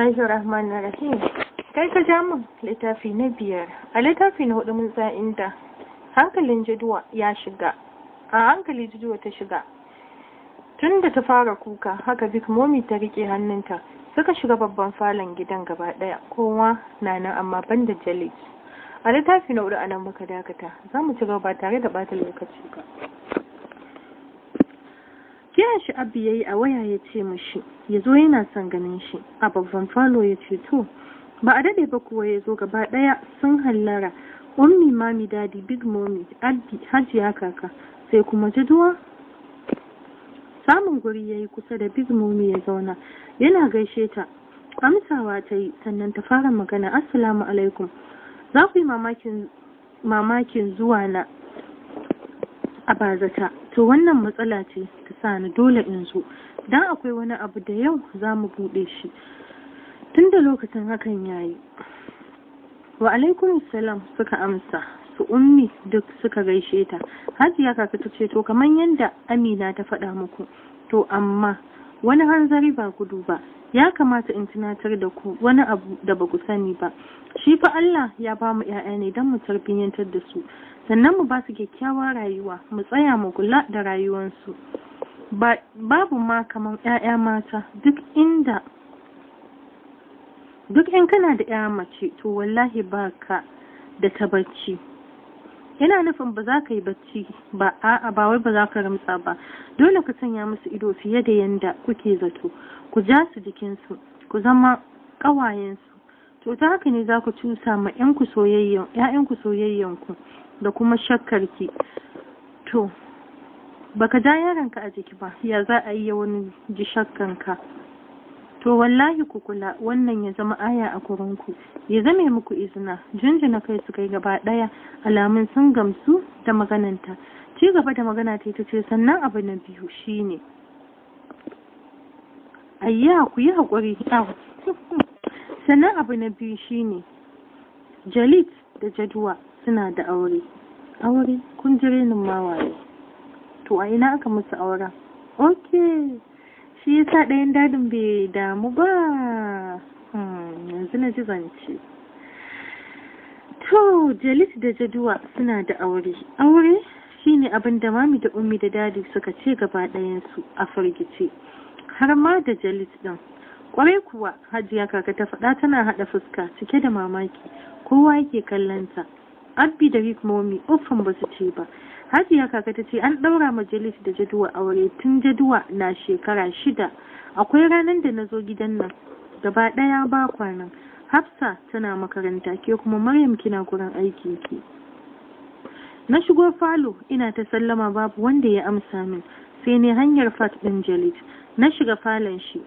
Bismillahir Rahmanir Rahim. Kai ka ja mun littafi na biyar. A littafi na hudu mun sa inda hankalin jaduwa ya shiga. A hankali jaduwa ta shiga. Tun da ta fara kuka, haka bik momi ta rike hannunta. Suka shiga babban falon gidan gaba daya. Kowa na nan amma ban da Jalis. A littafi na hudu anan muka dakata. Za mu ci gaba tare da bata lokaci ba. kiran shi abu ya yi a waya ya ce mashi ya zo yana son ganin shi a babban falo ya ce to ba a daɗe ba kuwa ya zo gaba ɗaya sun hallara ummi mami dadi big mommy addi hajiya kaka sai kuma jaduwa samun guri ya yi kusa da big mommy ya zauna yana gaishe ta amsawa ta yi sannan ta fara magana assalamu alaikum za ku yi mamakin zuwa na a bazata to wannan matsala ce ta sa ni dole in zo dan akwai wani abu da yau za mu buɗe shi tun da lokacin hakan ya yi wa alaikum salam suka amsa su ummi duk suka gaishe ta hajiya kaka ta ce to kamar yadda amina ta faɗa muku to amma wani hanzari ba gudu ba ya kamata in tunatar da ku wani abu da ba ku sani ba shi fa Allah ya ba mu 'ya'ya ne don mu tarbiyyantar da su sannan mu ba su kyakkyawar rayuwa mu tsaya mu kula da rayuwansu babu ma kamar 'ya'ya mata duk inda duk in kana da 'ya mace to wallahi ba ka da ta bacci yana nufin ba za ka yi bacci ba a'a ba wai ba za ka ramtsa ba dole ku sanya musu ido fiye da yanda kuke zato ku ja su jikinsu ku zama ƙawayensu to ta haka ne za ku cusa ma 'ya'yanku soyayyanku da kuma shakkar ki. to baka ja yaranka a jiki ba ya za a yi wani ji shakkanka to wallahi ku kula wannan ya zama aya a kurinku ya zame muku izina jinjina kai su kai gaba daya alamun sun gamsu da magananta ci gaba da magana ta ita ce sannan abu na biyu shine ayya ku yi haƙuri sannan abu na biyu shine jalit da jaduwa suna da aure aure kun ji renin mawaye to a ina aka musu auren ok shi yasa ɗayan dadin bai damu ba hmm, yanzu na ji zance to jalis da jaduwa suna da aure aure shine abin da mami da ummi da dadi suka ce gaba ɗayansu a firgice har ma da jalis ɗin kwarai kuwa hajiya kaka ta faɗa tana haɗa fuska cike da mamaki kowa yake kallon ta abbi da rik momi uffan ba su ce ba hajiya kaka ta ce an ɗaura ma da jaduwa aure tun jaduwa na shekara shida akwai ranar da na zo gidan nan gaba ɗaya ba kwanan hafsa tana makaranta ke kuma maryam kina gurin aiki ke na shigo falo ina ta sallama babu wanda ya amsa min sai ne hanyar fat ɗin jalit na shiga falon shi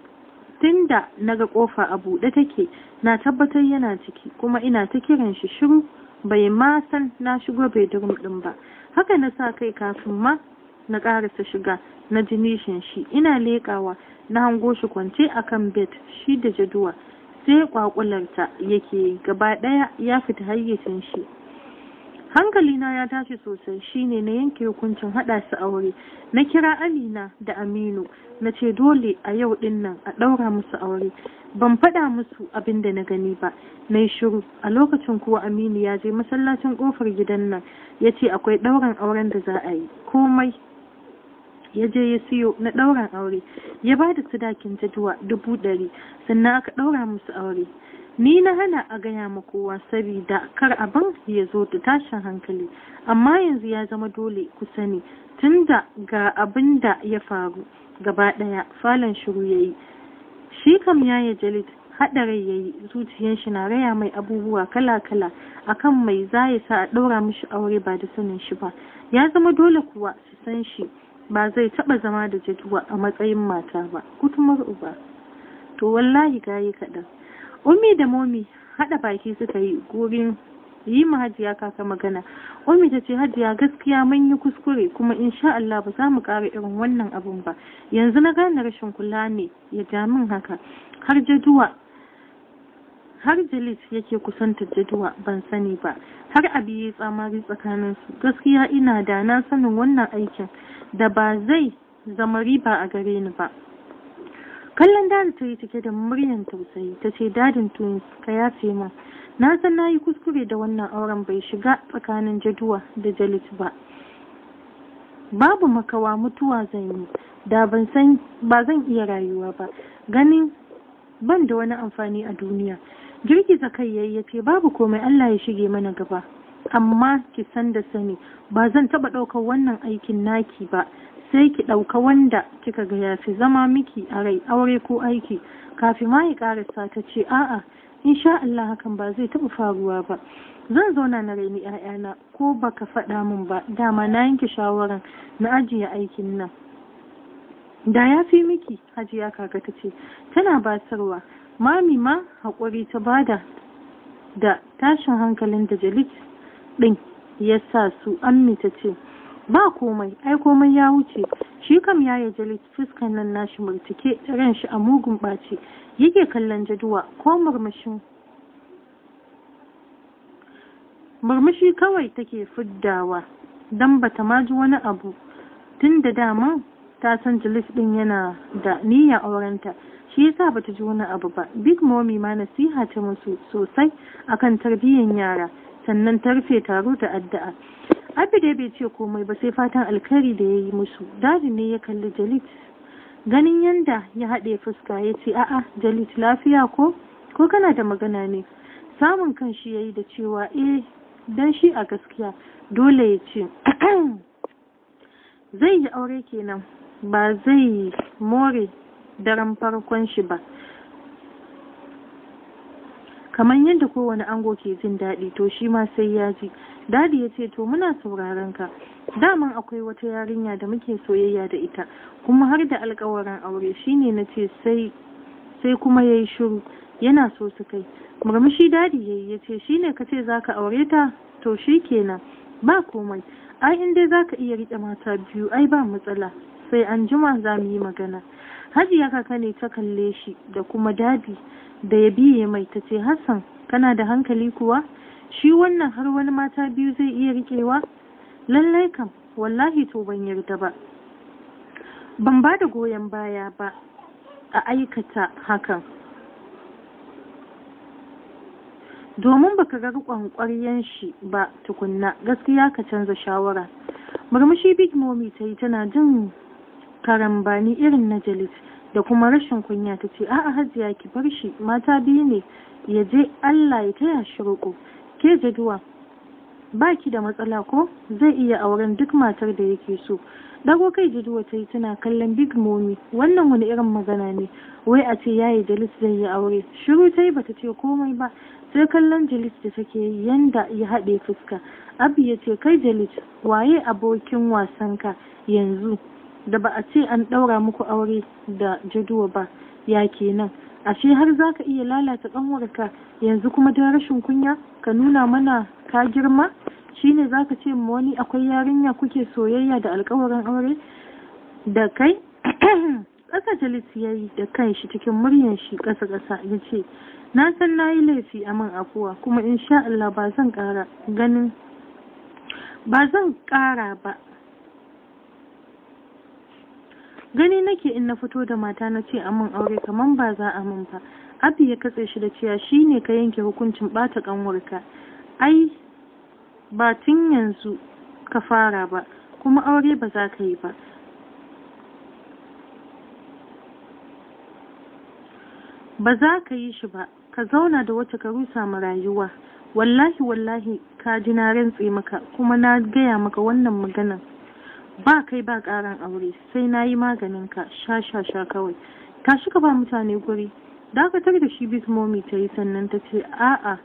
tun na naga kofa a buɗe take na tabbatar yana ciki kuma ina ta kiran shi shiru bai ma san na shigo bedroom din ba haka na sa kai kafin ma na karasa shiga na jinishin shi ina leƙawa na hango shi kwance akan bed shi da jaduwa sai kwakularta yake gaba ɗaya ya fita hayyacin shi hankalina ya tashi sosai shine na yanke hukuncin haɗa su aure na kira amina da aminu na ce dole a yau ɗin nan a ɗaura musu aure ban faɗa musu abin da na gani ba na yi shiru a lokacin kuwa aminu ya je masallacin kofar gidan nan ya ce akwai ɗaurin auren da za a yi komai ya je ya siyo na ɗaurin aure ya ba da su dakin jaduwa dubu ɗari sannan aka ɗaura musu aure ni na hana a gaya ma kowa saboda kar abin ya zo da tashin hankali amma yanzu ya zama dole ku sani tunda ga abin da ya faru gaba ɗaya falon shiru ya yi shi kam ya yi jalit haɗarai ya yi zuciyar shi na raya mai abubuwa kala-kala akan mai za ya sa a ɗaura mashi aure ba da sanin shi ba ya zama dole kuwa su san shi ba zai taɓa zama da jaduwa a matsayin mata ba kutumar uba to wallahi gayi kaɗan umi da momi haɗa baki suka yi gurin yi ma hajiya kaka magana umi ta ce hajiya gaskiya mun yi kuskure kuma in sha Allah ba za mu ƙara irin wannan abun ba yanzu na gane rashin kula ne ya ja min haka har jaduwa har jalis yake kusantar jaduwa ban sani ba har abi ya tsamari su gaskiya ina da na sanin wannan aikin da ba zai zama riba a gare ni ba kallon dadi ta yi cike da muryan tausayi ta ce dadin tuni ka ce min na san na yi kuskure da wannan auren bai shiga tsakanin jaduwa da jalit ba babu makawa mutuwa zan yi da ban san ba zan iya rayuwa ba ganin ban da wani amfani a duniya girgiza kai yayi ya ce babu komai Allah ya shige mana gaba amma ki san da sani ba zan taɓa ɗaukar wannan aikin naki ba sai ki ɗauka wanda kika ga ya fi zama miki a rai aure ko aiki kafin ma ya ƙarasa ta ce a'a sha Allah hakan ba zai taɓa faruwa ba zan zauna na raini ƴaƴana ko baka faɗa min ba dama na yanke shawaran na ajiye aikin nan da ya fi miki hajiya kaka ta ce tana basarwa mami ma haƙuri ta bada da tashin hankalin da jalit ɗin ya sa su ammi ta ce ba komai ai komai ya wuce shi kam ya yi jali fuskan nan nashi murtuke ran shi a mugun ɓaci yake kallon jaduwa ko murmushin murmushi kawai take fuddawa don bata ma ji wani abu tun da dama ta san jalis din yana da niyya aurenta shi yasa bata ji wani abu ba big mommy ma nasiha ta musu sosai akan tarbiyyar yara sannan ta rufe taro da addu'a Abba da bai ce komai ba sai fatan alkari da ya yi musu. Dadi ne ya kalli Jalit. Ganin yanda ya haɗe fuska ya ce, A'a, Jalit lafiya ko? Ko kana da magana ne? Samun kan shi ya yi da cewa, eh, dan shi a gaskiya dole ya ce, zai yi aure kenan ba zai more daren farkon shi ba. Kamar yadda kowane ango ke jin daɗi to shi ma sai ya ji. dadi ya ce to muna sauraron ka daman akwai wata yarinya da muke soyayya da ita kuma har da alkawarin aure shine na ce sai kuma ya yi shiru yana so su kai murmushi dadi ya yi ya ce shine ka ce za ka aure ta to shi kenan ba komai ai in dai za ka iya riƙe mata biyu ai ba matsala sai an jima za mu yi magana hajiya kaka ne ta kalle shi da kuma dadi da ya biye mai ta ce hassan kana da hankali kuwa shi wannan har wani mata biyu zai iya riƙewa lallai kam wallahi to ban yarda ba ban ba da goyon baya ba a aikata hakan domin baka ga rikon ƙwaryen shi ba tukunna gaskiya ka canza shawara murmushi big mommy ta yi tana jin karambani irin na jalis da kuma rashin kunya ta ce a'a hajiya ki bar shi mata biyu ne ya je allah ya taya shi roƙo ke jaduwa ba ki da matsala ko zai iya auren duk matar da yake so dago kai jaduwa ta yi tana kallon big momi wannan wani irin magana ne wai a ce yayi jalis zai yi aure shiru ta yi bata ce komai ba sai kallon jalis da take yanda ya haɗe fuska abu ya ce kai jalis waye abokin wasanka yanzu da ba a ce an ɗaura muku aure da jaduwa ba ya kenan ashe har za ka iya lalata ƙanwarka yanzu kuma don rashin kunya ka nuna mana ka girma shine za ka ce ma wani akwai yarinya kuke soyayya da alkawarin aure da kai ƙasa jalis ya yi da kan shi cikin muryan shi ƙasa ƙasa ya ce na san na yi laifi a man afuwa kuma insha Allah ba zan ba zan ƙara ba gani nake in na fito da mata na ce amin aure kaman ba za a min ba abi ya katse shi da cewa shine ka yanke hukuncin bata kanwarka ai ba tun yanzu ka fara ba kuma aure ba za ka yi ba ba za ka yi shi ba ka zauna da wata ka rusa ma rayuwa wallahi wallahi ka ji na rantse maka kuma na gaya maka wannan maganan ba kai ba ƙaran aure sai na yi maganin ka sha sha sha kawai tashi ka ba mutane guri dakatar da shi bis momi ta yi sannan ta ce a'a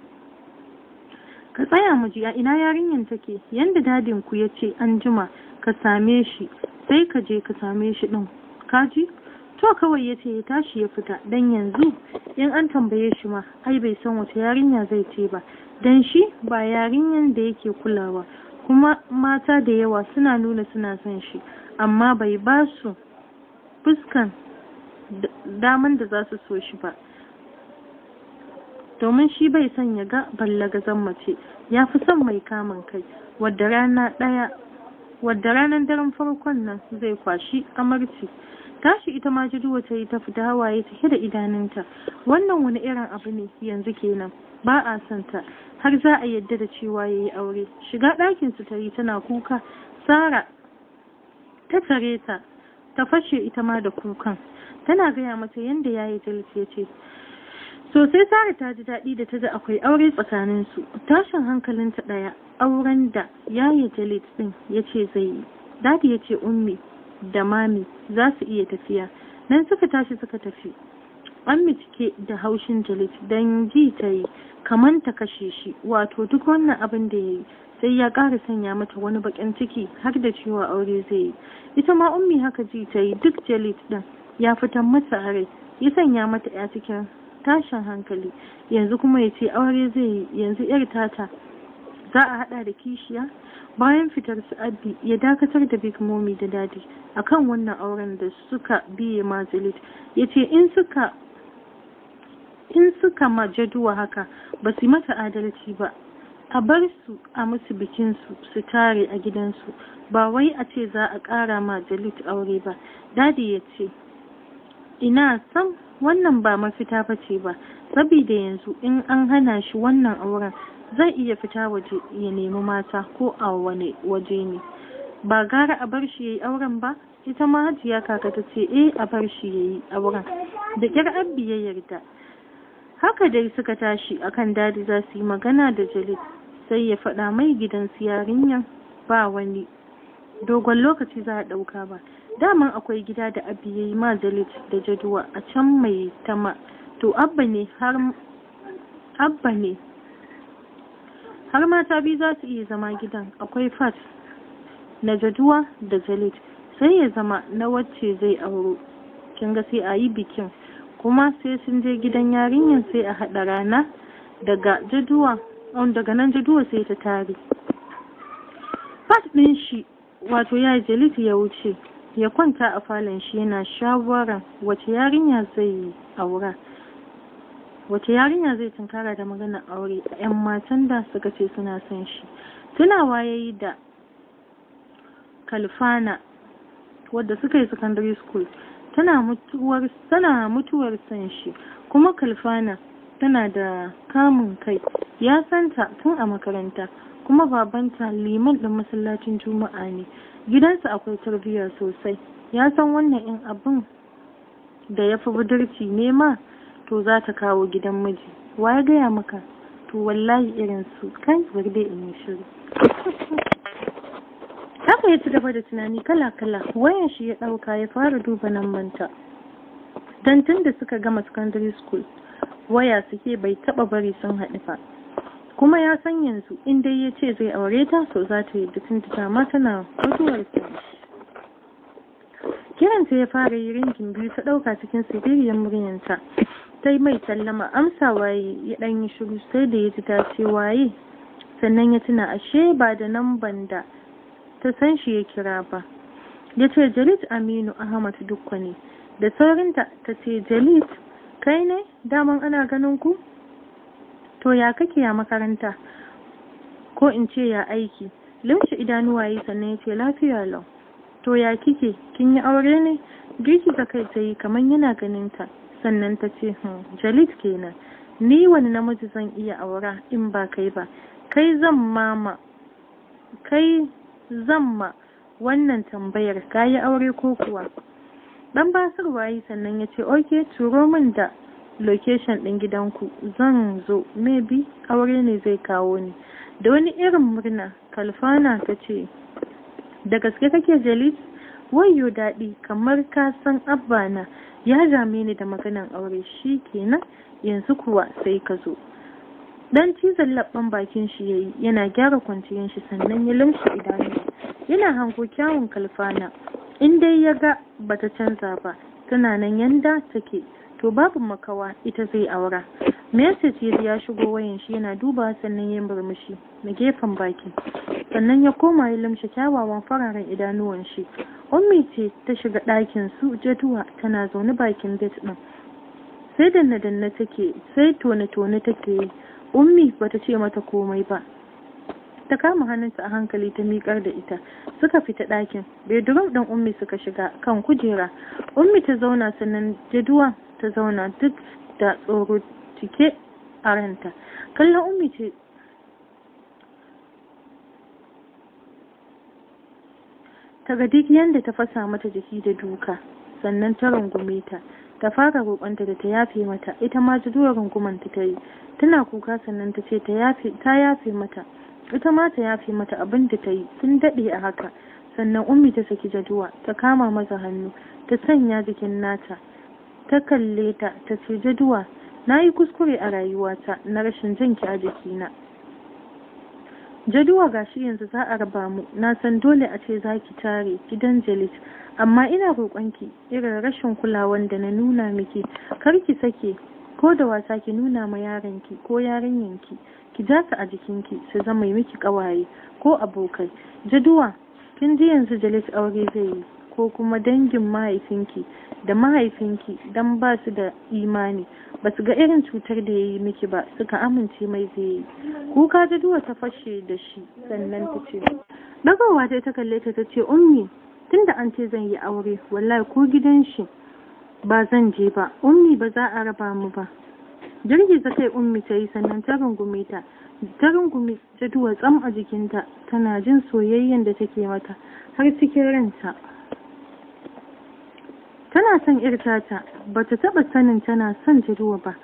ka tsaya mu a ina yarinyan take yanda dadin ku ya ce an jima ka same shi sai ka je ka same shi din kaji to kawai ya ce ya tashi ya fita dan yanzu in an tambaye shi ma ai bai san wace yarinya zai ce ba dan shi ba yarinyan da yake kulawa kuma mata da yawa suna nuna suna son shi amma bai ba su fuskan daman da za su so shi ba domin shi bai son ya ga ballagazan mace ya fi son mai kamun kai wadda rana wadda ranar daren farkon nan zai kwashi amarci tashi ita ma jujuwa ta yi ta fita hawaye cike da idanunta wannan wani irin abu ne yanzu kenan ba a son ta har za a yadda da cewa ya yi aure shiga ɗakin su ta tana kuka sara ta tare ta ta fashe ita ma da kukan tana gaya mata yadda ya yi ya ce sosai sara ta ji daɗi da ta ji akwai aure tsakanin su tashin hankalinta ɗaya auren da yaye jalit ɗin ya ce zai yi dadi ya ce ummi da mami za su iya tafiya nan suka tashi suka tafi an cike da haushin jalit don ji ta yi kaman ta kashe shi wato duk wannan abin da ya yi sai ya ƙara sanya mata wani baƙin ciki har da cewa aure zai yi ita ma ummi haka ji ta yi duk jalit ɗin ya fitan mata a rai ya sanya mata ya cikin tashin hankali yanzu kuma ya ce aure zai yi yanzu 'yar tata za a hada da kishiya bayan fitar su abbi ya dakatar da big mommy da dadi akan wannan auren da suka biye mazilit ya ce in suka in suka majaduwa haka ba su mata adalci ba a bar su a musu bikinsu su tare a gidansu ba wai a ce za a ƙara ma jalit aure ba dadi ya ce ina san wannan ba mafita ba ce ba sabida yanzu in an hana shi wannan auren zai iya fita waje ya nemi mata ko a wani waje ne ba gara a bar shi ya yi auren ba ita ma hajiya kaka ta ce eh a bar shi ya yi auren da kyar abbi ya yarda haka dai suka tashi akan dadi za su yi magana da jalil sai ya faɗa mai gidan su yarinyar ba wani dogon lokaci za a ɗauka ba daman akwai gida da abi yi ma zalit da jaduwa a can mai tama to abba ne har abba ne har mata biyu za su iya zama gidan akwai fat na jaduwa da zalit sai ya zama na wacce zai auro kin ga sai a yi bikin kuma sai sun je gidan yarinyar sai a haɗa rana daga jaduwa um, daga nan jaduwa sai ta tare fat ɗin shi wato ya jalit ya wuce ya kwanta a falon shi yana shawarar wace yarinya zai aura wace yarinya zai tunkara da magana aure a 'yan matan da suka ce suna son shi tunawa ya yi da kalfana wadda suka yi secondary school tana mutuwar tana son shi kuma kalfana tana da kamun kai ya santa tun a makaranta kuma babanta liman da masallacin juma'a ne gidansa akwai tarbiyya sosai ya san wannan in abin da ya fi budurci nema to za ta kawo gidan miji wa ya gaya maka to wallahi irin su kai dai in shiru haka ya ci gaba da tunani kala-kala wayan shi ya ɗauka ya fara duba nan manta don tun da suka gama secondary school waya suke bai taɓa bari sun haɗu fa. kuma ya san yanzu in dai ya ce zai aure ta so za ta yi dukkan ta dama tana mutuwar kiranta ya fara yi ringin biyu ta ɗauka cikin sibiriyar muryanta ta mai tallama amsa waye ya ɗan yi shiru sai da ya ji ta ce waye sannan ya tuna ashe ba da nan banda ta san shi ya kira ba ya ce jalit aminu ahmad dukkani da saurinta ta ce jalit kai ne daman ana ganin ku to ya kake ya makaranta ko in ce ya aiki limshi idanuwa yi sannan ya ce lafiya lau to ya kike kin yi aure ne girki ta kai ta yi kamar yana ganin ta sannan ta ce hmm, jalit kenan ni wani namiji zan iya aura in ba kai ba kai zan mama kai zan ma wannan tambayar ka yi aure ko kuwa dan basarwa yi sannan ya ce oke turo min da location ɗin gidanku zan zo maybe aure ne zai kawo ni da wani irin murna kalfana ta ce da gaske kake jalis wayo daɗi kamar ka san abba na ya jame ni da maganan aure shi kenan yanzu kuwa sai ka zo dan cizon labban bakin shi yayi yana gyara kwanciyar shi sannan ya lamshi idanu yana hango kyawun kalfana in dai ya ga bata canza ba tana nan yanda take to babu makawa ita zai aura message ya shigo wayan shi yana duba sannan ya murmushi na gefen baki sannan ya koma ya lamshe kyawawan fararen idanuwan shi ummi ce ta shiga ɗakin su jaduwa tana zaune bakin bet ɗin sai danna danna take sai tone tone take ummi bata ce mata komai ba ta kama hannunta a hankali ta miƙar da ita suka fita ɗakin bedroom ɗin ummi suka shiga kan kujera ummi ta zauna sannan jaduwa ta zauna duk da tsoro cike a ranta kallon umu ce ta ga duk yadda ta fasa mata jiki da duka sannan ta rungume ta ta fara roƙonta da ta yafe mata ita ma ta zuwa rungumanta ta yi tana kuka sannan ta ce ta yafe mata ita ma ta yafe mata abin da ta yi sun daɗe a haka sannan ummi ta saki jaduwa ta kama masa hannu ta sanya jikin nata ta kalle ta ta ce jaduwa na yi kuskure a rayuwata na rashin ki a jikina jaduwa gashi yanzu za a raba mu na san dole a ce za ki tare gidan jalit amma ina roƙonki irin rashin kulawan da na nuna miki kar ki sake ko da wata ki nuna ma yaranki ko yarinyanki ki ja ka a jikinki su zama miki ƙawaye ko abokai jaduwa kin ji yanzu jalit aure zai yi ko kuma dangin mahaifinki da mahaifinki don ba su da imani ba su ga irin cutar da ya yi miki ba suka amince mai zai yi kuka ta duwa ta fashe da shi sannan ta ce dagawa ta ta kalle ta ce ummi tun da an ce zan yi aure wallahi ko gidan shi ba zan je ba ummi ba za a raba mu ba girgiza kai ummi ta yi sannan ta rungume ta ta rungume ta duwa tsam a jikinta tana jin soyayyen da take mata har cikin ranta tana son yar tata ta taba sanin tana son jiruwa ba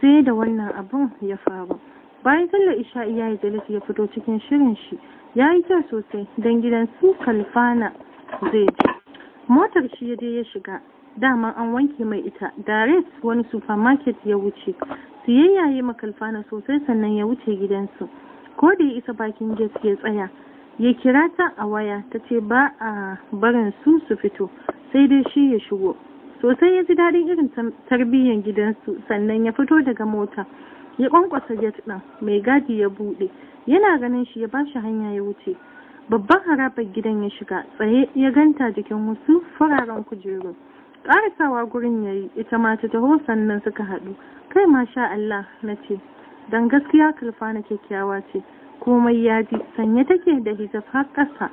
sai da wannan abun ya faru bayan talla isha'i ya yi jalisi ya fito cikin shirin shi ya yi kyau sosai don gidan su kalfana zai je motar shi ya je ya shiga dama an wanke mai ita direct wani supermarket ya wuce siyayya ya makalfana sosai sannan ya wuce gidansu ko da ya isa bakin gate ya tsaya ya kira ta a waya ta ce ba a barin su su fito sai dai shi ya shigo sosai ya ji daɗin irin tarbiyyar gidansu sannan ya fito daga mota ya ƙwanƙwasa jet ɗin mai gadi ya buɗe yana ganin shi ya bashi hanya ya wuce babban harabar gidan ya shiga tsaye ya ganta jikin wasu fararen kujeru ƙarasawa gurin ya yi ita ma ta taho sannan suka haɗu kai ma sha Allah na ce don gaskiya kalfa na kyakkyawa ce komai ya ji sanye take da hijab har ƙasa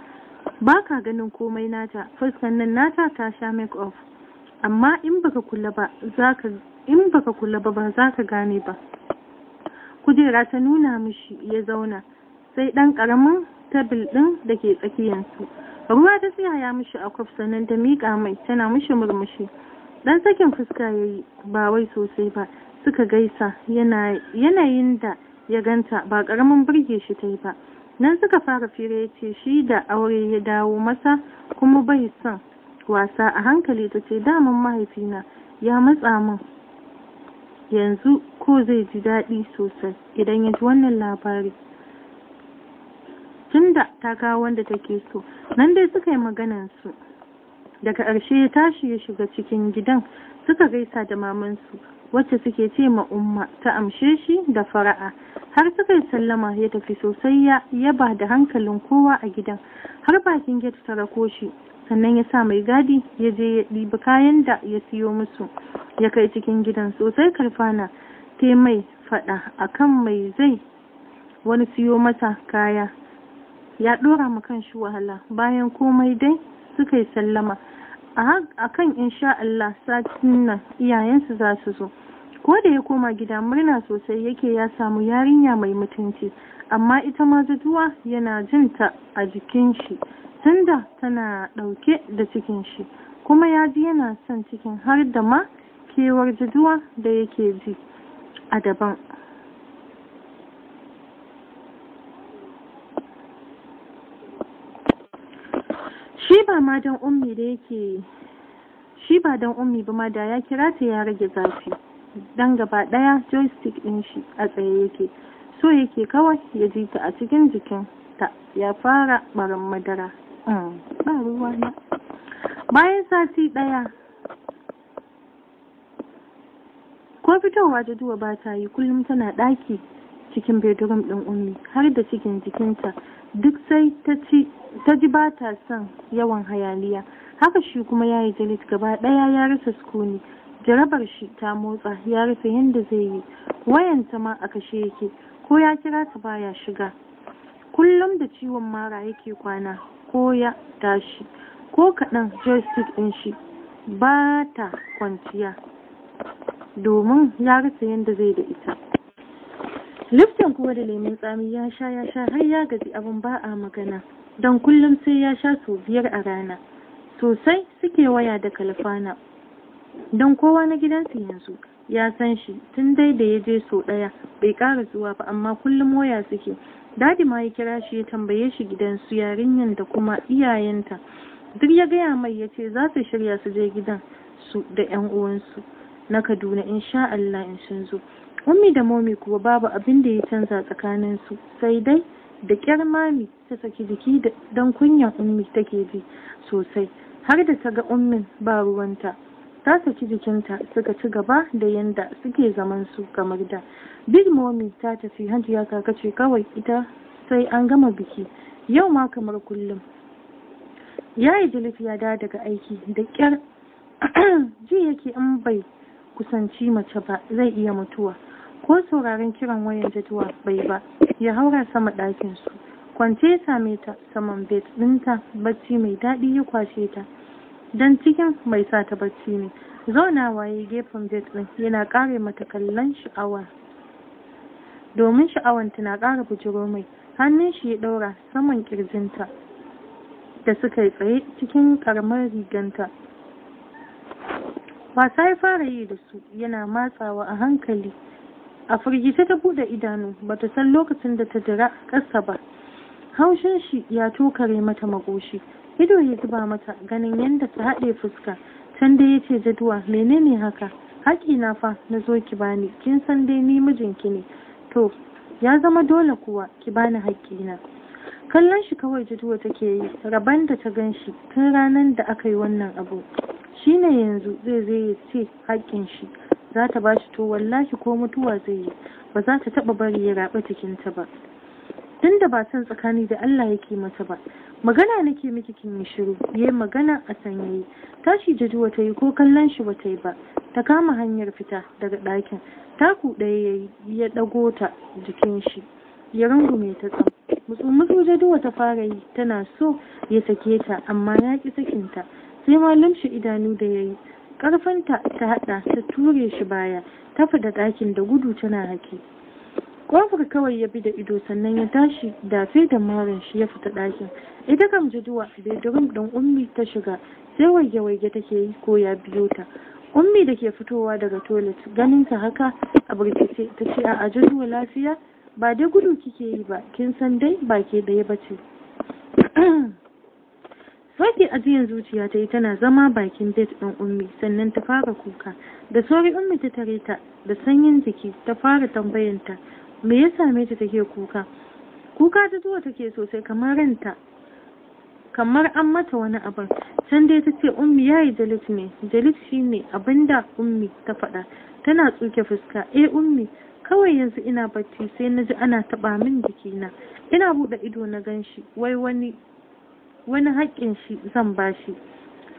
ba ka ganin komai nata fuskan nan nata ta sha make off amma in baka kula ba zaka kula ba ba za ka gane ba kujera ta nuna mishi ya zauna sai ɗan ƙaramin tabil ɗin da ke tsakiyansu ruwa ta tsaya mishi a kwaf sannan ta miƙa mai tana mishi murmushi ɗan sakin fuska ya yi ba wai sosai ba suka gaisa yanayin da ya ganta ba ƙaramin burge shi ta yi ba nan suka fara fira ya ce shi da aure ya dawo masa kuma bai son wasa a hankali ta ce daman mahaifina ya matsa min yanzu ko zai ji daɗi sosai idan ya ji wannan labari tunda ta kawo wanda take so nan dai suka yi maganan daga ƙarshe ya tashi ya shiga cikin gidan suka gaisa da mamansu wacce suke ce ma umma ta amshe shi da fara'a har suka yi sallama ya tafi sosai ya yaba da hankalin kowa a gidan har bakin gate ta rako shi sannan ya sa mai gadi ya je ya ɗiba kayan da ya siyo musu ya kai cikin gidan sosai karfana ta mai faɗa kan mai zai wani siyo mata kaya ya ɗora ma kan shi wahala bayan komai dai suka yi sallama a kan insha Allah satin nan iyayensu za su zo ko da ya koma gida murna sosai yake ya samu yarinya mai mutunci amma ita ma zatuwa yana jinta a jikin shi tunda tana ɗauke da cikin shi kuma ya ji yana son cikin har da ma kewar jiduwa da yake ji a daban shi ba ma don ummi da yake shi ba don ummi ba ma da ya kira ta ya rage zafi dan gaba daya joystick din shi a tsaye yake so yake kawai ya ji ta a cikin jikin ta ya fara barin madara Ah, bayan sati ɗaya ko fitowa ta duwa ba ta yi kullum tana daki cikin bedroom ɗin ummi har da cikin jikinta duk sai ta ji ba ta son yawan hayaliya. haka shi kuma ya yi jalit gaba ɗaya ya rasa sukuni jarabar shi ta motsa ya rufe yadda zai yi wayanta ma a kashe yake ko ya kira ta baya shiga kullum da ciwon mara yake kwana ko ya tashi ko kaɗan joystick ɗin shi ba ta kwanciya domin ya rasa yadda zai da ita liftin kuma da lemun tsami ya sha ya sha har ya gaji abin ba a magana don kullum sai ya sha sau biyar a rana sosai suke waya da kalfana don kowa na gidansu yanzu ya san shi tun dai da ya je sau ɗaya bai ƙara zuwa ba amma kullum waya suke dadi ma ya kira shi ya tambaye shi gidan su yarinyan da kuma iyayenta duk ya gaya mai ya ce za su shirya su je gidan su da yan uwansu na kaduna insha Allah in sun zo ummi da momi kuwa babu abin da ya canza tsakanin su sai dai da kyar mami ta saki jiki don kunyan ummi take ji sosai har da ta ga ummin ba ruwanta ta saki jikinta suka ci gaba da yanda suke zaman su kamar da big mommy ta tafi hajiya kaka ce kawai ita sai an gama biki yau ma kamar kullum yayi jilif ya da daga aiki da kyar ji yake in bai kusanci mace ba zai iya mutuwa ko sauraron kiran wayan jadwa bai ba ya haura sama ɗakin su kwance ya same ta saman bet ɗinta bacci mai daɗi ya kwashe ta don cikin mai sa ta barci ne zauna waye gefen jet ɗin yana ƙare mata kallon sha'awa domin sha'awanta na ƙara bujiro mai hannun shi ya ɗaura saman ƙirjinta da suka yi tsaye cikin karamar riganta wasa ya fara yi da su yana matsawa a hankali a firgice ta bude idanu ba ta san lokacin da ta jira ƙasa ba haushin shi ya tokare mata makoshi ido ya zuba mata ganin yadda ta haɗe fuska can dai ya ce jaduwa menene haka haƙi na fa na zo ki bani kin san dai ni mijinki ne to ya zama dole kuwa ki bani haƙi na kallon shi kawai jaduwa take yi rabon da ta gan shi tun ranar da aka yi wannan abu shi ne yanzu zai zai ya ce haƙin shi za ta ba shi to wallahi ko mutuwa zai yi ba za ta taɓa bari ya raɓa cikinta ba tun da ba san tsakani da Allah yake mata ba magana nake miki kin yi shiru yayi magana a sanyayi tashi jajuwa ta yi ko kallon shi ba ta yi ba ta kama hanyar fita daga ɗakin taku ɗaya ya ɗago ta jikin shi ya rungume ta tsam musu jaduwa ta fara yi tana so ya sake ta amma ya ƙi ta sai malam shi idanu da ya yi ƙarfanta ta haɗa ta ture shi baya ta fita ɗakin da gudu tana haki kofar kawai ya bi da ido sannan ya tashi dafe da marin shi ya fita ɗakin ita kam jaduwa bedroom ɗin ummi ta shiga sai waige waje take yi ko ya biyo ta ummi da ke fitowa daga toilet ganin ta haka a burkice ta ce a jaduwa lafiya ba dai gudu kike yi ba kin san dai ba ke ɗaya ba ce sauke ajiyar zuciya ta yi tana zama bakin bet ɗin ummi sannan ta fara kuka da sauri ummi ta tare ta da sanyin jiki ta fara tambayanta me ya same ta take kuka kuka ta zuwa take sosai kamar ranta kamar an mata wani abin can dai ta ce ummi ya yi jalit ne jalit shi ne abinda ummi ta faɗa tana tsuke fuska eh ummi kawai yanzu ina bacci sai na ji ana taɓa min jikina ina buɗe ido na gan shi wai wani wani haƙƙin shi zan ba shi?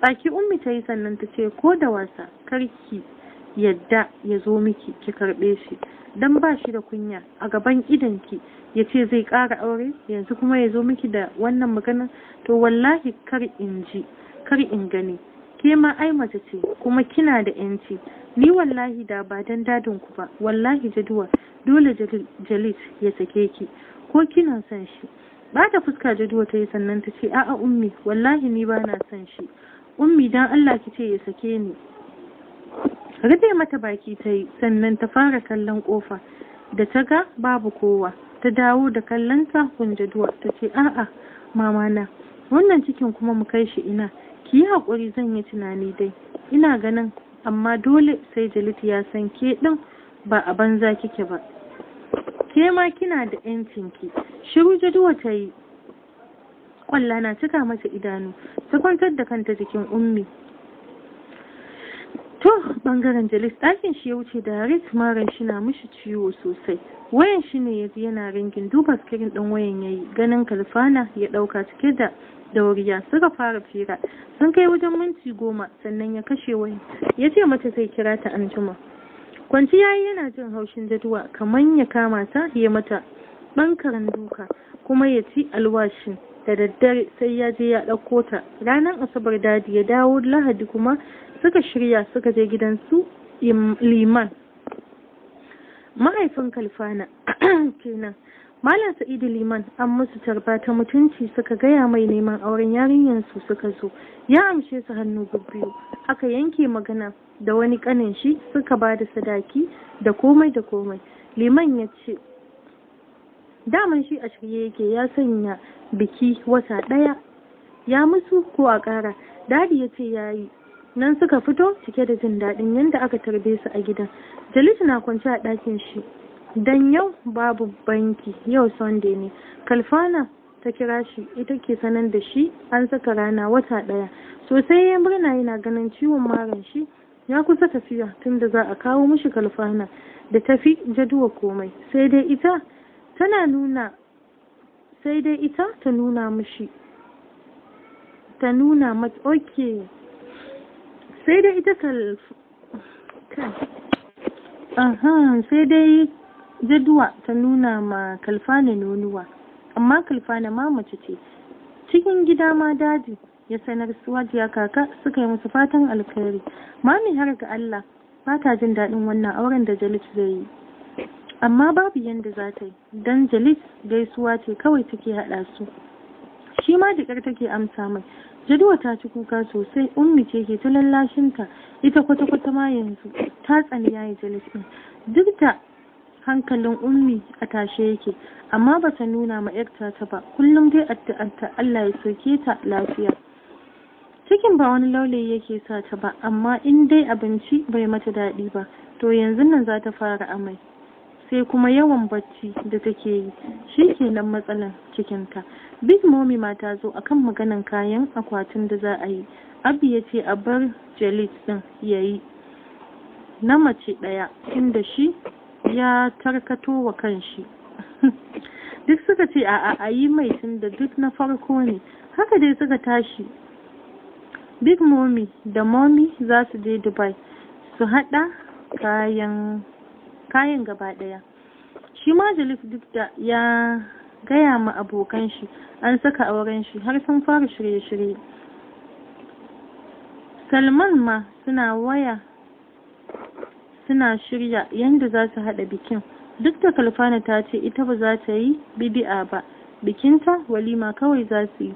tsaki ummi ta yi sannan ta ce ko da wasa karki yadda ya zo miki ki karɓe shi dan ba shi da kunya a gaban idanki ya ce zai kara aure yanzu kuma ya zo miki da wannan magana to wallahi kar in ji kar in gani ke ma ai mace ce kuma kina da yanci ni wallahi da ba dan dadin ku ba wallahi jaduwa dole jalis ya sake ki ko kina son shi ba ta fuska jaduwa ta yi sannan ta ce a'a ummi wallahi ni ba na son shi ummi dan Allah ki ce ya sake ni rufe mata baki ta yi sannan ta fara kallon kofa da ta ga babu kowa ta dawo da kallon ta kunjaduwa ta ce a'a mama na wannan cikin kuma mu kai shi ina ki yi haƙuri zan yi tunani dai ina ganin amma dole sai jalit ya san ke ɗin ba a banza kike ba ke ma kina da ki shiru jaduwa ta yi kwalla na cika mata idanu ta kwantar da kanta jikin ummi to bangaren jalis ɗakin shi ya wuce da hari. maran shi na mishi ciwo sosai wayan shi ne ya ji yana ringin duba skirin ɗin wayan ya yi ganin kalfana ya ɗauka cike da dauriya suka fara fira sun kai wajen minti goma sannan ya kashe wayan ya ce mata zai kira ta anjima kwanci ya yi yana jin haushin jaduwa kamar ya kama ta ya mata ɗan duka kuma ya ci alwashin da daddare sai ya je ya ɗauko ta ranar asabar dadi ya dawo lahadi kuma suka shirya suka je su, liman mahaifin kalfana kenan malam sa'idu liman an musu tarba ta mutunci suka gaya mai neman auren yarinyar su suka zo ya amshe su hannu biyu aka yanke magana da wani kanin shi suka ba da sadaki da komai da komai liman ya ce daman shi a shirye yake ya sanya biki wata ɗaya ya musu ko a ƙara dadi ya ce ya yi nan suka fito cike da jin daɗin yadda aka tarbe su a gidan jalisu na kwance a ɗakin shi dan yau babu banki yau sunday ne kalfana ta kira shi ita ke sanar da shi an saka rana wata ɗaya sosai ya murna yana ganin ciwon maran shi ya kusa tafiya tunda za a kawo mishi kalfana da tafi jaduwa komai sai dai ita tana nuna sai dai ita ta nuna mishi ta nuna mat ok sai dai ita ta aha sai dai jaduwa ta nuna ma kalfana nonuwa amma kalfana ma mace ce cikin gida ma daji ya sanar suwajiya kaka suka yi musu fatan alkhairi mami har ga Allah ba ta jin daɗin wannan auren da jalit zai yi amma babu yanda za ta yi don jalis gaisuwa ce kawai take haɗa su shi ma jikar take amsa mai jaduwa ta ci kuka sosai ummi ce ke ta lallashinta ita kwata-kwata ma yanzu ta tsani ya yi jalis ɗin duk da hankalin ummi a tashe yake amma ba ta nuna ma yarta ta ba kullum dai addu'arta Allah ya soke ta lafiya cikin ba wani laulayi yake sa ta ba amma in dai abinci bai mata daɗi ba to yanzu nan za ta fara amai sai kuma yawan bacci da take yi shi kenan matsalan cikinta big Momi mata ta zo akan maganan kayan akwatin da za a yi abu ya ce a bar jalis din ya yi na mace ɗaya inda shi ya tarkato wa kanshi duk suka ce a a yi mai tunda duk na farko ne haka dai suka tashi big Momi da mommy za su je dubai su haɗa kayan kayan gaba ɗaya shi ma jalif duk da ya gaya ma abokan shi an saka auren shi har sun fara shirye-shirye salman ma suna waya suna shirya yadda za su haɗa bikin duk da kalfana ta ce ita ba za ta yi bidi'a ba bikinta walima kawai za su yi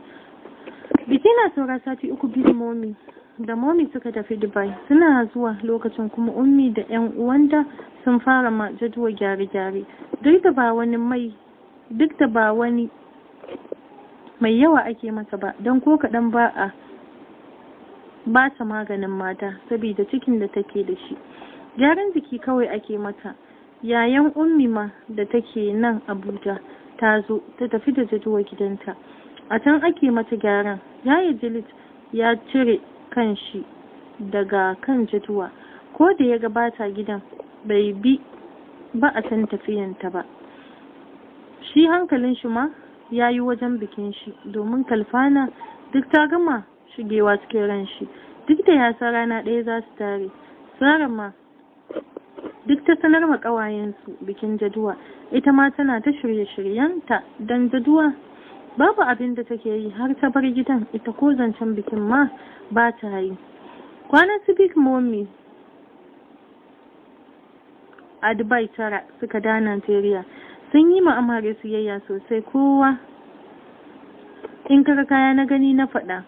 biki na saura sati uku biyu momi da momi suka tafi dubai suna zuwa lokacin kuma ummi da yan uwanta sun fara majaduwa gyare-gyare duk da ba wani mai duk da ba wani mai yawa ake mata ba don ko kaɗan ba a ba ta maganin mata saboda cikin da take da shi gyaran jiki kawai ake mata yayan ummi ma da take nan abuja ta zo ta tafi da jaduwa gidanta a can ake mata gyaran yi jilit ya cire kan shi daga kan jaduwa ko da ya gabata gidan bai bi ba a san tafiyanta ba shi hankalin shi ma ya yi wajen bikin shi domin kalfana duk ta gama shigewa cikin ran shi duk da ya san rana ɗaya za su tare sara ma duk ta sanar ma ƙawayensu bikin jaduwa ita ma tana ta shirye-shiryenta don jaduwa babu abin da take yi har ta bar gidan ita ko zancen bikin ma ba ta yi kwanan su big mommy a dubai tara suka da nigeria sun yi ma'amare siyayya sosai kowa in kaga kaya na gani na faɗa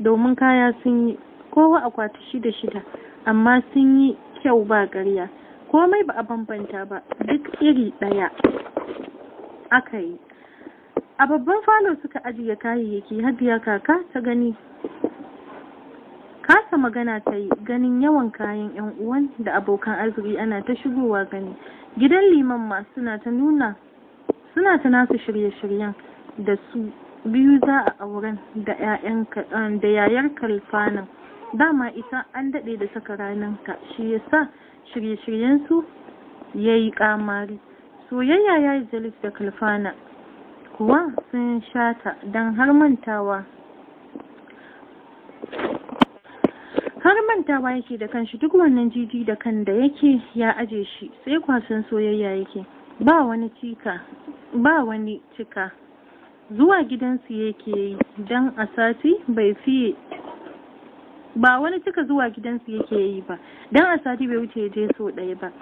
domin kaya sun yi kowa akwati shida shida amma sun yi kyau ba ƙarya komai ba a bambanta ba duk iri ɗaya aka yi a babban falo suka ajiye kayayyaki habiya kaka ta gani kasa magana ta yi ganin yawan kayan yan uwan da abokan arziki ana ta shigowa gani gidan liman ma suna ta nuna suna ta nasu shirye-shiryen da su biyu za a auren da um, da yayar kalfanan dama ita an daɗe da saka ka, shi yasa shirye-shiryen su yayi kamari soyayya yayi jalis da kalfana kuwa sun shata don har mantawa har mantawa yake da kanshi duk wannan jiji da kan da yake ya aje shi sai kwasan soyayya yake ba wani cika ba wani cika zuwa gidansu yake yi don a sati bai fiye ba wani cika zuwa gidansu yake yi ba don a sati bai wuce je so ɗaya ba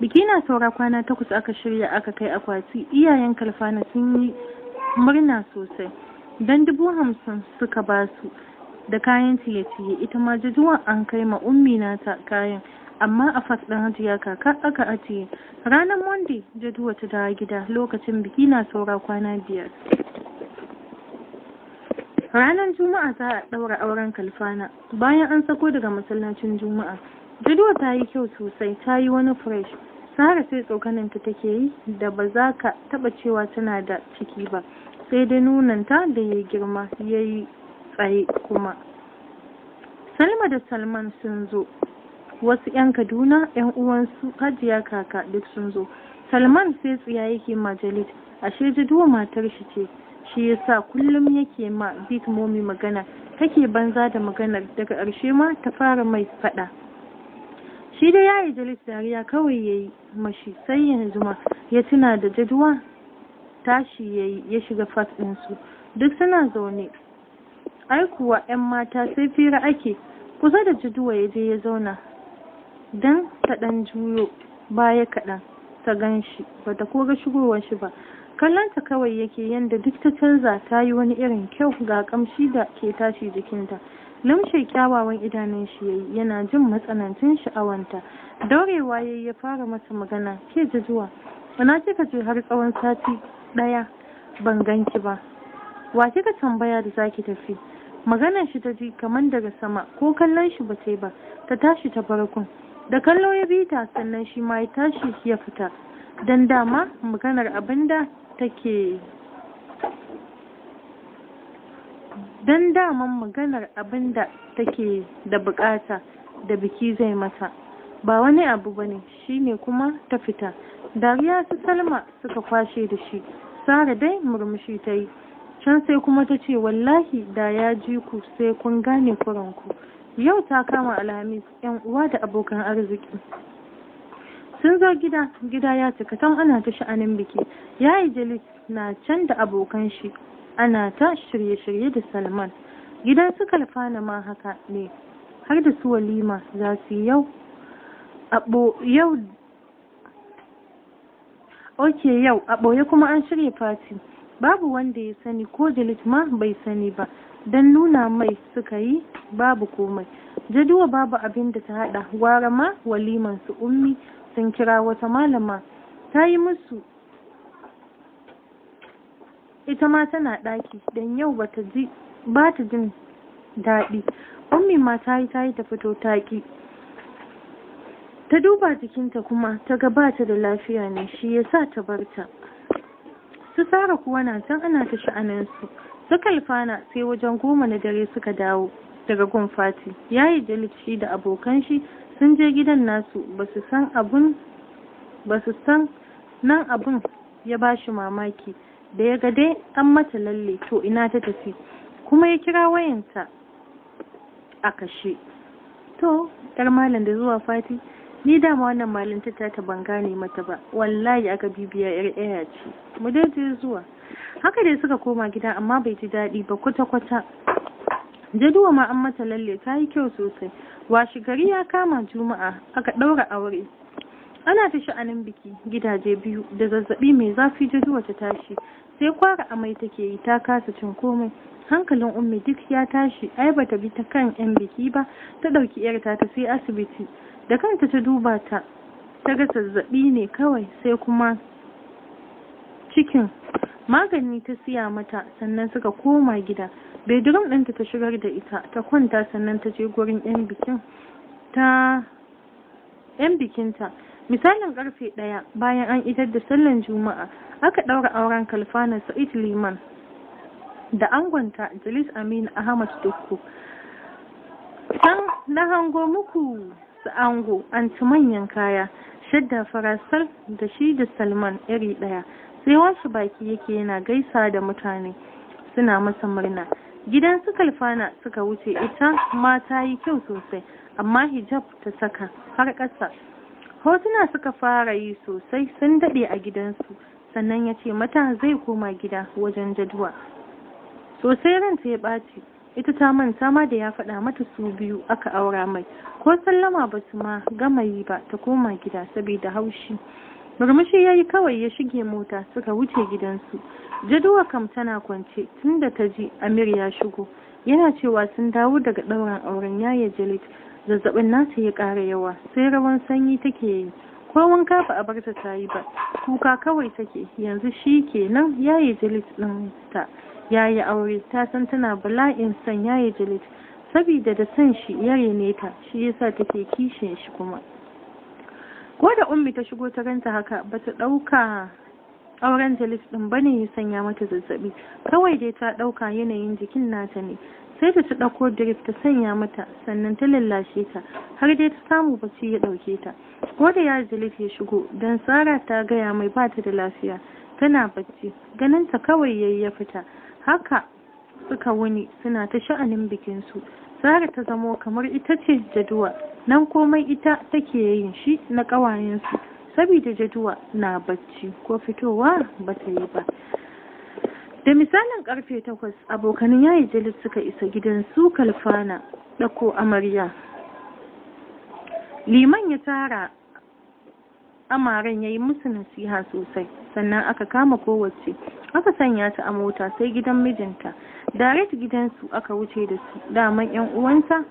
biki na saura kwana takwas aka shirya aka kai akwati iyayen kalfana sun yi murna sosai don dubu hamsin suka ba su da kayan ciye-ciye ita ma jajuwan an kai ma ummi nata kayan amma a fasɗin hajiya kaka aka ajiye ranar monday jaduwa ta dawo gida lokacin biki na saura kwana biyar ranar juma'a za a ɗaura auren kalfana bayan an sako daga masallacin juma'a jaduwa ta yi kyau sosai ta yi wani fresh sahara sai ta take yi da ba za ka taba cewa tana da ciki ba sai dai nunanta da ya girma ya yi tsaye kuma salma da salman sun zo wasu 'yan kaduna 'yan uwansu hajiya kaka duk sun zo salman sai tsiya yake majalit ashe jaduwa matar shi ce shi yasa kullum yake ma bit momi magana take banza da maganar daga ƙarshe ma ta fara mai faɗa shi dai ya yi jalis dariya kawai ya yi mashi sai yanzu ma ya tuna da jaduwa tashi ya yi ya shiga fas ɗinsu duk suna zaune ai kuwa 'yan mata sai fira ake kusa da jaduwa ya je ya zauna don ta ɗan juyo baya kaɗan ta gan shi ba ta koga shigowar shi ba kallonta kawai yake yadda duk ta canza ta yi wani irin kyau ga kamshi da ke tashi jikinta lamshe kyawawan idanun shi yayi yana jin matsanancin sha'awanta daurewa yayi ya fara masa magana ke ji zuwa. ina kika je har tsawon sati ɗaya. ban ganki ba wa kika tambaya da zaki tafi maganar shi ta ji kaman daga sama ko kallon shi ba ta ba ta tashi ta farkon da kallo ya bi ta sannan shi ma ya tashi ya fita dan dama maganar abinda take don daman maganar abin da take da bukata da biki zai mata ba wani abu ba ne shi ne kuma ta fita dariya su salma suka kwashe da shi sara dai murmushi ta yi can sai kuma ta ce wallahi da ya ji ku sai kun gane kuranku yau ta kama alhamis yan uwa da abokan arziki sun zo gida gida ya cika tan ana ta sha'anin biki yayi jalis na can da abokan shi ana ta shirye-shirye da salman gidan su kalfana ma haka ne har da su walima za su yau abo yau Oke yau a ɓoye kuma an shirya fati babu wanda ya sani ko jalit ma bai sani ba don nuna mai suka yi babu komai jaduwa babu abin da ta haɗa gwara ma waliman ummi sun kira wata malama ta yi musu ita ma tana ɗaki don yau bata ji ba ta jin daɗi ummi ma ta yi ta fito ta ƙi ta duba jikinta kuma ta ga ba da lafiya ne shi ya sa ta bar ta su tsara kuwa na can ana ta sha'anin su kalfana sai wajen goma na dare suka dawo daga gun fati ya yi da abokan shi sun je gidan nasu ba su san nan abun ya ba shi mamaki da ya ga dai an mata lalle to ina ta tafi kuma ya kira wayanta a kashe to yar malam da zuwa fati ni dama wannan malin ta ta ban gane mata ba wallahi aka bibiya yar ɗaya ce mu dai zuwa haka dai suka koma gida amma bai ji daɗi ba kwata-kwata jaduwa ma an mata lalle ta yi kyau sosai washi gari ya kama juma'a aka ɗaura aure ana ta sha'anin biki gidaje biyu da zazzabi mai zafi zuwa ta tashi sai kwara amai take yi ta kasa cin komai hankalin ummi duk ya tashi ai bata bi ta kan yan biki ba ta ɗauki yarta ta sai asibiti da kanta ta duba ta ta ga zazzabi ne kawai sai kuma cikin magani ta siya mata sannan suka koma gida bedroom ɗinta ta shigar da ita ta kwanta sannan ta je gurin yan bikin ta yan bikinta misalin karfe ɗaya bayan an idar da sallan juma'a aka daura auren kalfana sa'id liman da angonta jalis amin ahmad dokko san na hango muku su ango an ci manyan kaya shadda farasal da shi da salman iri daya sai wasu baki yake yana gaisa da mutane suna masa murna gidan su kalfana suka wuce ita ma ta yi kyau sosai amma hijab ta saka har ƙasa hotuna suka fara yi sosai sun daɗe a gidansu sannan ya ce mata zai koma gida wajen jadwa sosai ranta ya ɓaci ita ta manta ma da ya faɗa mata su biyu aka aura mai ko sallama ba su ma gama yi ba ta koma gida saboda haushi murmushi ya yi kawai ya shige mota suka wuce gidansu jaduwa kam tana kwance tun da ta ji amir ya shigo yana cewa sun dawo daga ɗaurin auren yaya jalit zazzabin nata ya ƙara yawa sai rawan sanyi take yi ko wanka ba a barta ta yi ba kuka kawai take yanzu shi ke nan. Ya yi jalit ɗin ta ya yi aure ta san tana bala'in son yaye jalit sabida da san shi ya rene ta shi yasa take kishin shi kuma ko da ummi ta shigo ta ranta haka bata ɗauka auren jilit ɗin ba ne ya sanya mata zazzabi kawai dai ta ɗauka yanayin jikin nata ne sai da ta ɗauko drip ta sanya mata sannan ta lallashe ta har dai ta samu bacci ya ɗauke ta ko da ya zilif ya shigo don tsara ta gaya mai ba ta da lafiya tana bacci ganin ta kawai yayi ya fita haka suka wuni suna ta sha'anin bikinsu tsara ta zamo kamar ita ce jaduwa nan komai ita take yin shi na ƙawayensu sabida jaduwa na bacci ko fitowa ba ta yi ba da misalin karfe takwas abokanin yayi jalis suka isa gidan su kalfana dako amarya liman ya tara amaren ya yi musu nasiha sosai sannan aka kama kowace aka sanya ta a mota sai gidan mijinta direct gidansu aka wuce da su daman yan uwanta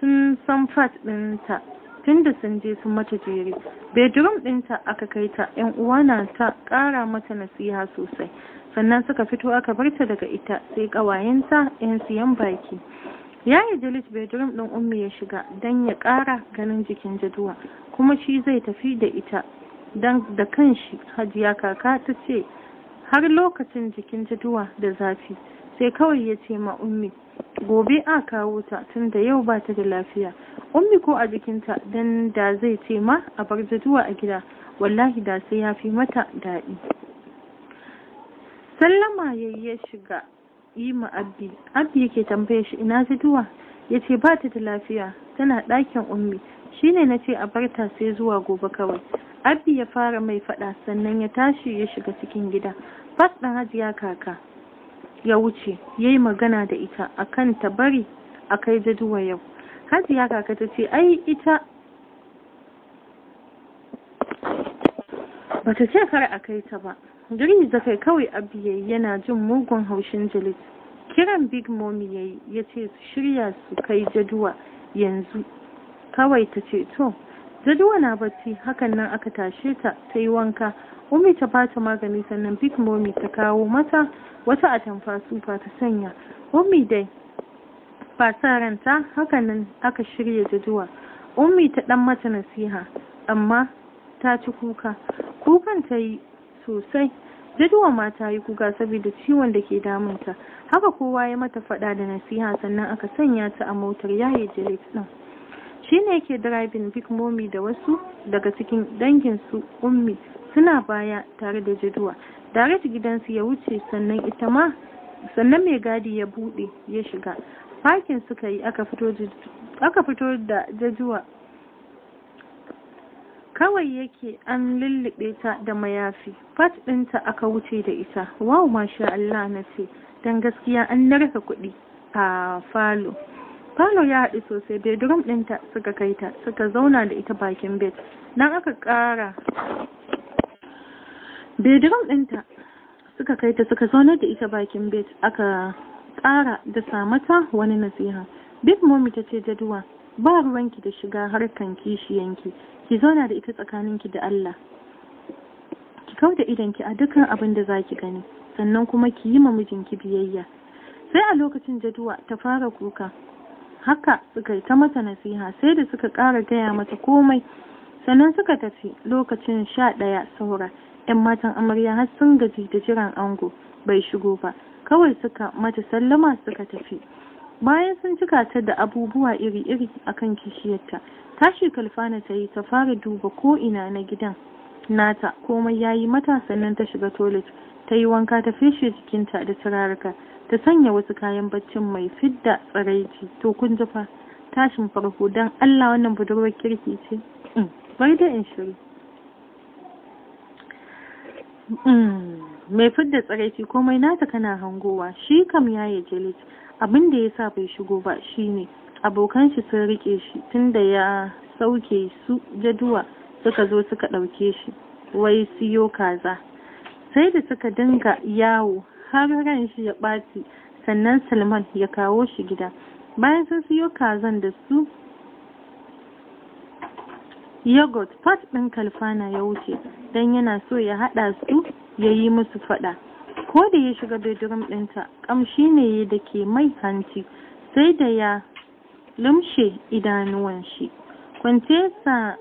sun san fat ɗinta tun da sun je sun mata jere bedroom ɗinta aka kai ta yan uwa na ta ƙara mata nasiha sosai sannan suka fito aka bar ta daga ita sai ƙawayenta 'yan siyan baki ya yi jalis bedroom ɗin ummi ya shiga don ya ƙara ganin jikin jaduwa kuma shi zai tafi da ita don da kanshi hajiya kaka ta ce har lokacin jikin jaduwa da zafi sai kawai ya ce ma ummi gobe a kawo ta tun da yau ba ta da lafiya ummi ko a jikinta don da zai ce ma a bar jaduwa a gida wallahi da sai ya fi mata daɗi sallama yayi ya shiga yi ma abbi abbi yake tambaye shi ina zuwa ya ce ba ta da lafiya tana ɗakin ummi shine na ce a barta sai zuwa gobe kawai abbi ya fara mai faɗa sannan ya tashi ya shiga cikin gida bas ɗan hajiya kaka ya wuce ya yi magana da ita kan ta bari a kai jaduwa yau hajiya kaka ta ce ai ita bata ce kar a kai ta ba girgiza da kai kawai abu yana jin mugun haushin jilis. kiran big mommy yayi ya ce su shirya su kai jaduwa yanzu kawai ta ce to jaduwa na bacci hakan nan aka tashe ta ta yi wanka umi ta bata magani sannan big mommy ta kawo mata wata atamfa sufa ta sanya umi dai ba sa ranta hakan nan aka shirya jaduwa ummi ta dan mata nasiha amma ta ci kuka kukan ta yi sosai jadwa ma ta yi kuka saboda ciwon da ke damunta haka kowa ya mata faɗa da nasiha sannan aka sanya ta a motar yaye jilet ɗin shi ne yake driving big mommy da wasu daga cikin dangin su ummi suna baya tare da jadwa direct gidansu ya wuce sannan ita ma sannan mai gadi ya buɗe ya shiga fakin suka yi aka fito da jajuwa kawai yake an lullube ta da mayafi fat ɗinta aka wuce da ita wow masha Allah na ce don gaskiya an narka kuɗi a falo falo ya haɗu sosai drum ɗinta suka kai ta suka zauna da ita bakin bed nan aka ƙara bedroom ɗinta suka kai ta suka zauna da ita bakin bed aka ƙara da samata wani nasiha bit momi ta ce jaduwa ba ruwanki da shiga harkan kishiyanki ki zauna da ita tsakaninki da Allah ki kauda da idanki a dukkan abin da zaki gani sannan kuma ki yi ma mijinki biyayya sai a lokacin jaduwa ta fara kuka haka suka yi ta mata nasiha sai da suka ƙara gaya mata komai sannan suka tafi lokacin sha ɗaya saura yan matan amarya har sun gaji da jiran ango bai shigo ba kawai suka mata sallama suka tafi bayan sun cika ta da abubuwa iri-iri akan kishiyarta tashi kalfana ta yi ta fara duba ko ina na gidan nata komai ya yi mata sannan ta shiga toilet ta yi wanka ta feshe jikinta da turaruka ta sanya wasu kayan baccin mai fidda tsiraici to kun ji tashin farko don allah wannan budurwar kirki ce mm, bai da in shiri mm, mai fidda tsiraici komai nata kana hangowa shi kam ya yi jelit abin da ya sa bai shigo ba shine abokan shi sun rike shi tunda ya sauke su jaduwa suka zo suka ɗauke shi wai siyo kaza sai da suka dinga yawo har ran shi ya ɓaci sannan salman ya kawo shi gida bayan sun siyo kazan da su yogurt pat ɗin kalfana ya wuce don yana so ya haɗa su ya yi musu faɗa ko da ya shiga bedroom ɗinta ƙamshi ne da ke mai hanci sai da ya lumshe idanuwan shi kwantesa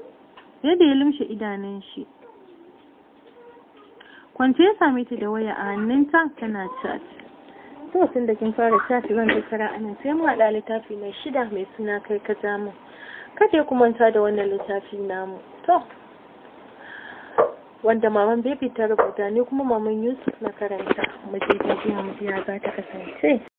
ya lumshe idanun shi kwantesa da waya a hannunta tana chat to tun da kin fara chat zan tattara ana sai mu haɗa littafi mai shida mai suna kai ka jamu kada ku manta da wannan littafi namu to wanda maman baby ta rubuta ni kuma maman yusuf na karanta mu je bibiya mu ya za ta kasance